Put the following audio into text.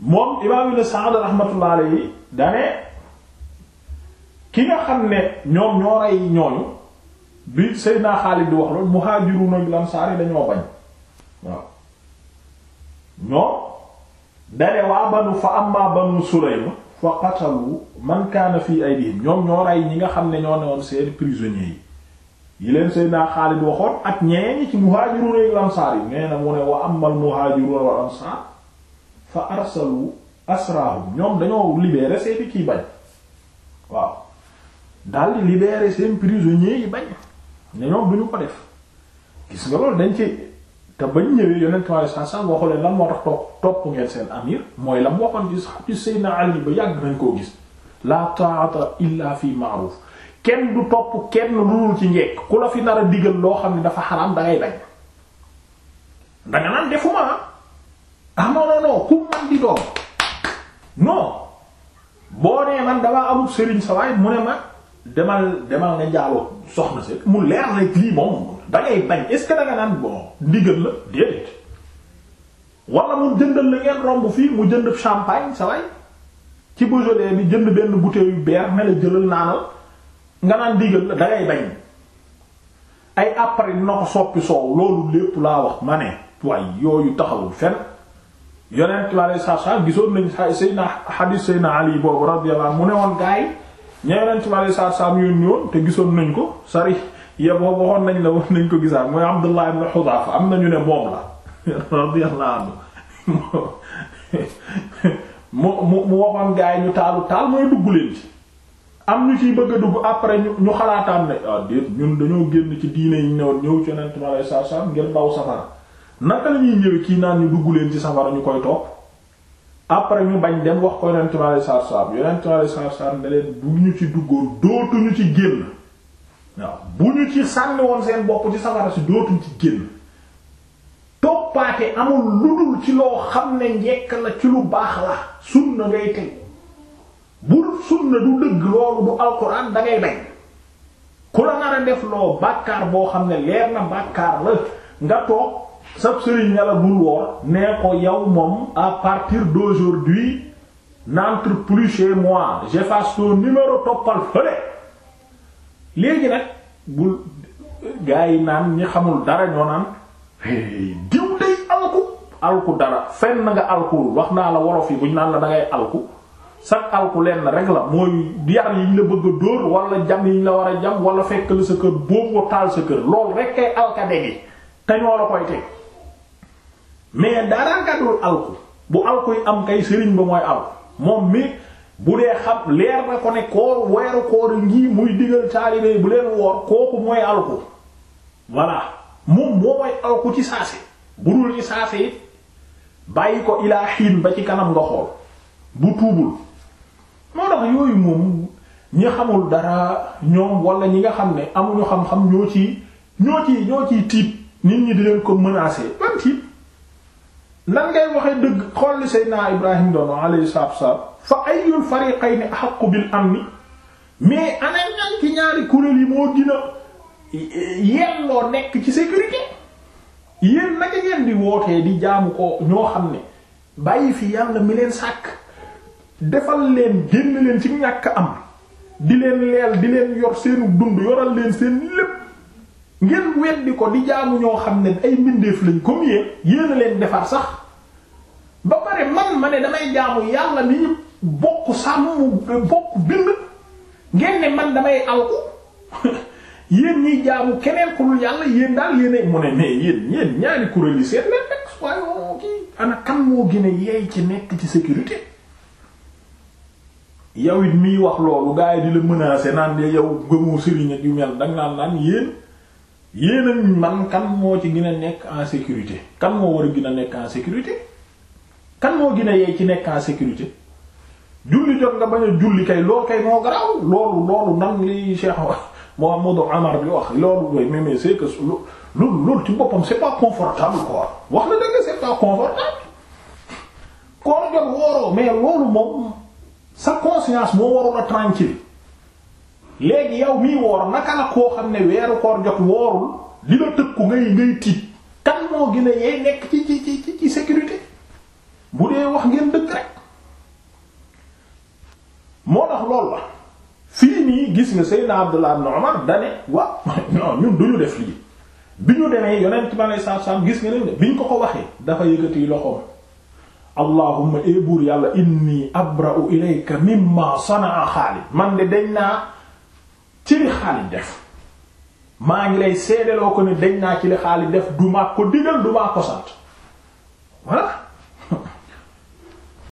moom imaam ibn Sa'd rahmatullah alayhi dane ki nga xam ne ñoom ñoo rey ñooñu bi Seydina Xaalid di wax loolu muhaajiruuna bil ansaar yi dañoo bañ waaw ñoom dane waa banu fa amma banu Sulaym fa qatalu man kaana fi aydihim ñoom ñoo rey ñi nga xam ne ñoo newoon seen prisonniers yi yi leen Seydina Xaalid waxoon ak ñeneen ñi ci muhaajiruuna bil ansaar yi nee na mu ne wa ammal muhaajiruuna wal ansaar fa arsalu asraahum ñoom dañoo seen seeni kii bañ waaw daldi libérer seen prisonniers yi bañ ne ñoom ñu ko def gis nga loolu dañ ci te bañ ñëwee yonent trois cent cent waxu leen moo tax topp topp ngeen seen amir mooy la mu waxoon ci sax ci Seydina Ali ba yàgg nañ koo gis la ta'ata illa fi ma'ruf kenn du topp kenn lu ci njekk ku la fi nar a digal loo xam ne dafa xaraam dangay dañ danga naan defuma ah non non ku man di doon non boo nee man damaa amul sëriñ sa mu ne ma demal demal nga jaaloo soxna si mu leer rek lii moom da ngay bañ est ce que da naan bon ndigal la déedéet wala mu jëndal la ngeen romb fii mu jënd champagne sa waay ci Beaujolais bi jënd benn bouteille yu beer ne la jëlal naanal nga naan ndigal la da ngay bañ ay après dina ko soppi soow loolu lépp laa wax ma ne waaye yooyu taxawul fenn. yonent bi alayhi salaatu salaam gisoon nañ Seydina xadiis Seydina Ali boobu radiyallahu anhu mu ne woon gaa yi ña yonent bi alayhi salaatu salaam yónni woon te gisoon nañ ko sari ya boobu waxoon nañ la wax nañ ko gisaat mooy Abdullah ibn Hudhafa am nañu ne moom la radiyallahu anhu mu mu mu waxoon gaa yi ñu taalu taal mooy dugg leen ci am ñu ciy bëgg a dugg après ñu ñu xalaataan ne ah déet ñun dañoo génn ci diine yi ñëw ñëw ci yonent bi alayhi salaatu salaam ngir daw safara naka la ñuy ñëwee kii naan ñu dugg leen ci safara ñu koy topp après ñu bañ dem wax ko yonent mi alayhi salaatu salaam yonent mi alayhi salaatu bu ñu ci duggoon dootuñu ci génn waaw bu ñu ci sànni woon seen bopp ci safara si dootuñu ci génn toppaate amul lu dul ci loo xam ne njekk la ci lu baax la sunna ngay teg bu sunna du dëgg loolu du alxuraan dangay bañ ku la nar a def loo bàkkaar boo xam ne leer na bàkkaar la nga toog sab sëriñ ña la bul woor nee ko yow moom à partir d'aujourd'hui n'entre plus chez moi j'efface ton numéro toppal fële léegi nag bul gaa yi naan ñi xamul dara ñoo naan diw day alku alku dara fenn nga alkuwul wax naa la wolof yi buñ naan la da ngay alku sax alku lenn rek la mooy yar yiñ la bëgg a dóor wala jam yiñ la war a jam wala fekk la sa kër boobu taal sa kër lool rek kay alkade te ñoo la koy teg mais dara nga dul bu alkuy am kay sëriñ ba mooy alku moom mi bu dee xam leer na ko ne koor weeru koor ngi muy digal taalibe bu leen woor kooku mooy alku voilà moom moo mooy alku ci saase bu dul ci saase bàyyi ko ilaa xiin ba ci kanam nga xool bu tuubul moo tax yooyu moom ñi xamul dara ñoom walla ñi nga xam ne amuñu xam-xam ñoo ci ñoo ci ñoo ciy tiit nit ñi di leen ko menacer ban tiit lan ngay waxee dëgg xool li Seydina Ibrahim doon wax alayhi salaatu wassalaam fa ayyul fariqayni ahaqqu bil amni mais ana ñan ci ñaari kuréel yi moo gën a loo nekk ci sécurité yéen naka ngeen di wootee di jaamu ko ñoo xam ne bàyyi fi yàlla mi leen sàkk defal leen génn leen ci ñàkk am di leen leel di leen yor seenu dund yoral leen seen lépp ngeen weddi ko di jaamu ñoo xam ne ay mbindeef lañ comme yéen yéen leen defar sax ba pare man ma ne damay jaamu yàlla ni ñu sàmm bokk bind ngeen man damay alku yéen ñiy jaamu keneen ku dul yàlla yéen daal yéen a mu ne nee yéen ñaari kuréel yi seen leen rek waaye woo kii ana kan moo gën a yeey ci nekk ci sécurité yow it miy wax loolu gaa yi di la menacer naan yow gëmoo sëriñ ak yu mel danga naan naan yéen yéen man kan moo ci gën a nekk en sécurité kan moo war a gën a nekk en sécurité kan moo gën a yey ci nekk en sécurité julli jot nga bañ a julli kay lool kay moo garaaw loolu loolu nan li Cheikh Mouhamadou Amar wax loolu que loolu loolu ci boppam c'est pas confortable ko wax na dëgg c'est pas confortable koor jot wooroo mais loolu moom sa conscience moo warul a léegi yow mii woor naka la koo xam ne weeru koor jot woorul li la tëkku ngay ngay tiit kan moo gën a yey nekk ci ci ci ci bu dee wax ngeen dëgg rek moo tax loolu la fii nii gis nga Seydina Abdullah ibn Umar dane wa non ñun duñu def lii bi ñu demee yonent bi alei satu salaam gis nga leen bi ñu ko ko waxee dafa yëkkati loxoom allahumma ebuur eh yàlla inni abra'u ilayka mimma sanaa Xaalid man de dañ naa def maa ngi lay seedeloo ko ne deñ naa ci li def du ma ko digal du ma ko sant voilà